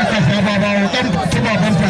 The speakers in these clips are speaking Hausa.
aka saba ba wa ɗan tubaban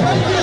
Thank you.